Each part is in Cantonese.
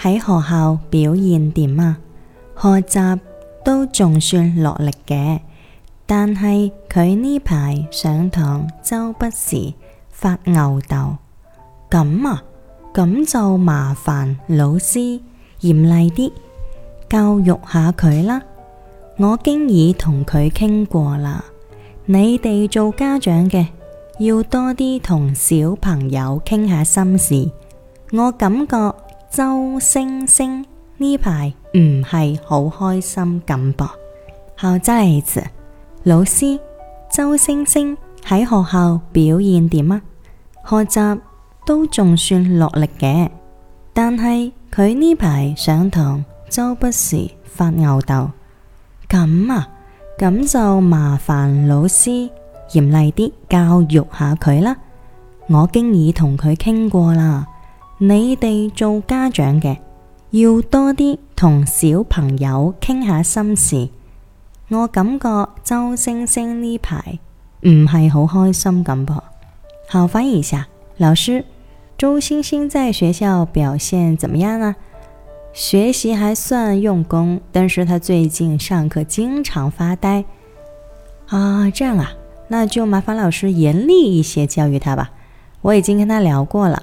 喺學校表現點啊？學習都仲算落力嘅，但係佢呢排上堂，周不時發吽哣。咁啊，咁就麻煩老師嚴厲啲教育下佢啦。我經已同佢傾過啦，你哋做家長嘅要多啲同小朋友傾下心事，我感覺。周星星呢排唔係好開心咁噃，校長老師，周星星喺學校表現點啊？學習都仲算落力嘅，但係佢呢排上堂，周不時發吽哣。咁啊，咁就麻煩老師嚴厲啲教育下佢啦。我經已同佢傾過啦。你哋做家長嘅，要多啲同小朋友傾下心事，我感覺周星星呢排唔係好開心咁噃。好，翻譯一下，老師，周星星在學校表現怎麼樣啊？學習還算用功，但是他最近上課經常發呆。啊，這樣啊，那就麻煩老師嚴厲一些教育他吧。我已經跟他聊過了。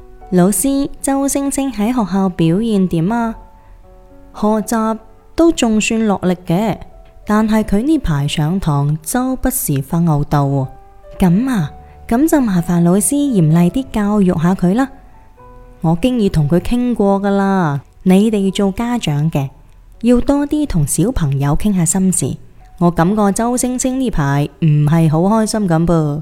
老師，周星星喺學校表現點啊？學習都仲算落力嘅，但係佢呢排上堂周不時發吽哣，咁啊，咁就麻煩老師嚴厲啲教育下佢啦。我經已同佢傾過噶啦，你哋要做家長嘅要多啲同小朋友傾下心事。我感覺周星星呢排唔係好開心咁噃。